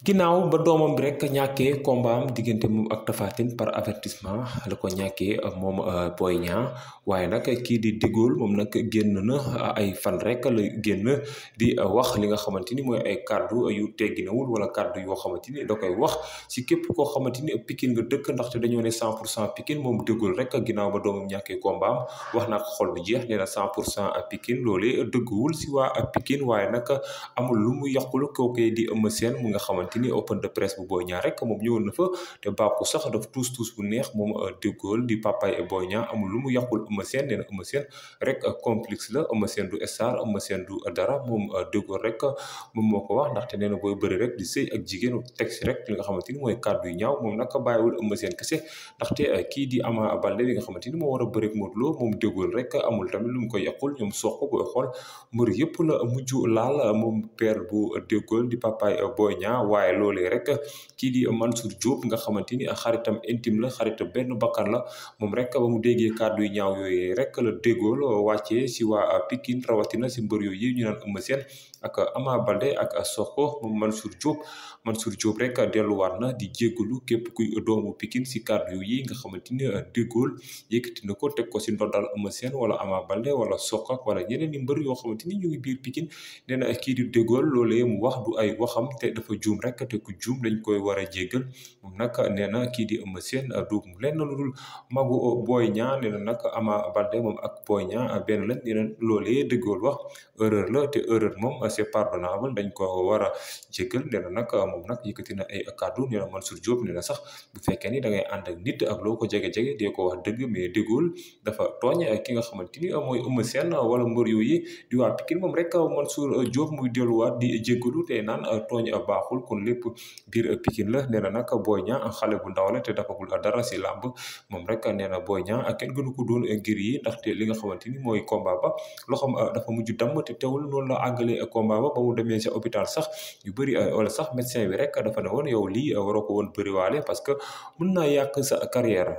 ginnaaw ba doomam bi rek ñàkkee combat am diggante moom ak Tapha par avertissement la ko ñàkkee euh, moom euh, Boy Niang waaye nag kii di Dégaule moom nag génn na ay fan rek la génn di euh, wax li nga xamante ni mooy ay kàddu yu tegginawul wala kàddu yoo xamante ni da koy wax si képp koo xamante ni Pikine nga dëkk ndaxte dañoo ne 100 pour cent Pikine moom Dégaule rek ginnaaw ba doomam ñàkkee combat am wax na ko xol bu jeex nee a 100 pour cent Pikine loolee dëgguwul si waa Pikine waaye nag amul lu mu yàqulu kookee di Eumeu Sène mu nga xamante xamante ni open de presse bu Boy rek moom ñëwoon na te bàkku sax daf tuus tuus bu neex moom euh, déggool di papaay Boy Niang lu mu yàqul Eumeu Sène nee euh, la Eumeu Sène du star Eumeu Sène dara moom euh, déggool rek moom moo ko wax ndaxte nee na bëri rek di sëy jigéenu teg si rek li nga xamante ni mooy kàddu yu ñaaw moom naka bàyyiwul Eumeu Sène kese ndaxte kii di Ama Baldé bi nga xamante ni moo war a bëri ak Modou Lo moom déggool rek amul lu mu koy yàqul ñoom sox ko xool mbër yëpp la mujj laal moom père bu déggool di papaay Boy Niang waaye loolee rek kii di man Mansour jóob nga xamante ni xaritam intime la xaritam benn bakkan la moom rek ba mu déggee kàddu yu ñaaw yooyu rek la déggool wàccee si waa Pikine rawatina si mbër yooyu ñu naan ak Ama Baldé ak Sokho moom Mansour Diop Mansour Diop rek delluwaat na di jéggalu képp kuy doomu Pikine si kàddu yi nga xamante ni déggool yëkkati na ko teg ko si a Eumeu Sène wala Ama Baldé wala Sokho wala ñeneen i mbër yoo xamante ni ñu ngi biir Pikine nee kii di déggool loolee mu wax du ay waxam te dafa juum rek te ku juum dañ koy war a jéggal moom nag nee na kii di Eumeu Sène du lenn lu dul magu Boy Niang nee na nag Ama Baldé moom ak Boy Niang benn lañ nee na loolee dëggool wax erreur la te erreur moom c'est pardonnable dañ ko war a jéggal nee na nag moom nag yëkkati na ay kàddu nee na Mansour Diop nee na bu fekkee ni da ngay ànd ak nit loo ko jege-jege ko wax dëgg mais dëggool dafa tooñ ki nga xamante ni mooy a Sène wala mbër yooyu di waa Pikine moom rek Mansour Diop muy delluwaat di jéggalu te naan tooñ baaxul kon loolu lépp biir Pikine la nee na nag Boy Niang xale bu ndaw la te dafagul dara si làmb moom rek nee na Boy Niang ak kenn gënu ko doon ngir yi te li nga xamante ni mooy komba ba loxoom euh, dafa mujj damm te teewul noonu la àggale combat ba ba mu demee sa hôpital sax yu bëri euh, wala sax médecin bi rek dafa ne woon yow lii euh, waroo ko woon bëriwaale parce que mën naa yàq sa carrière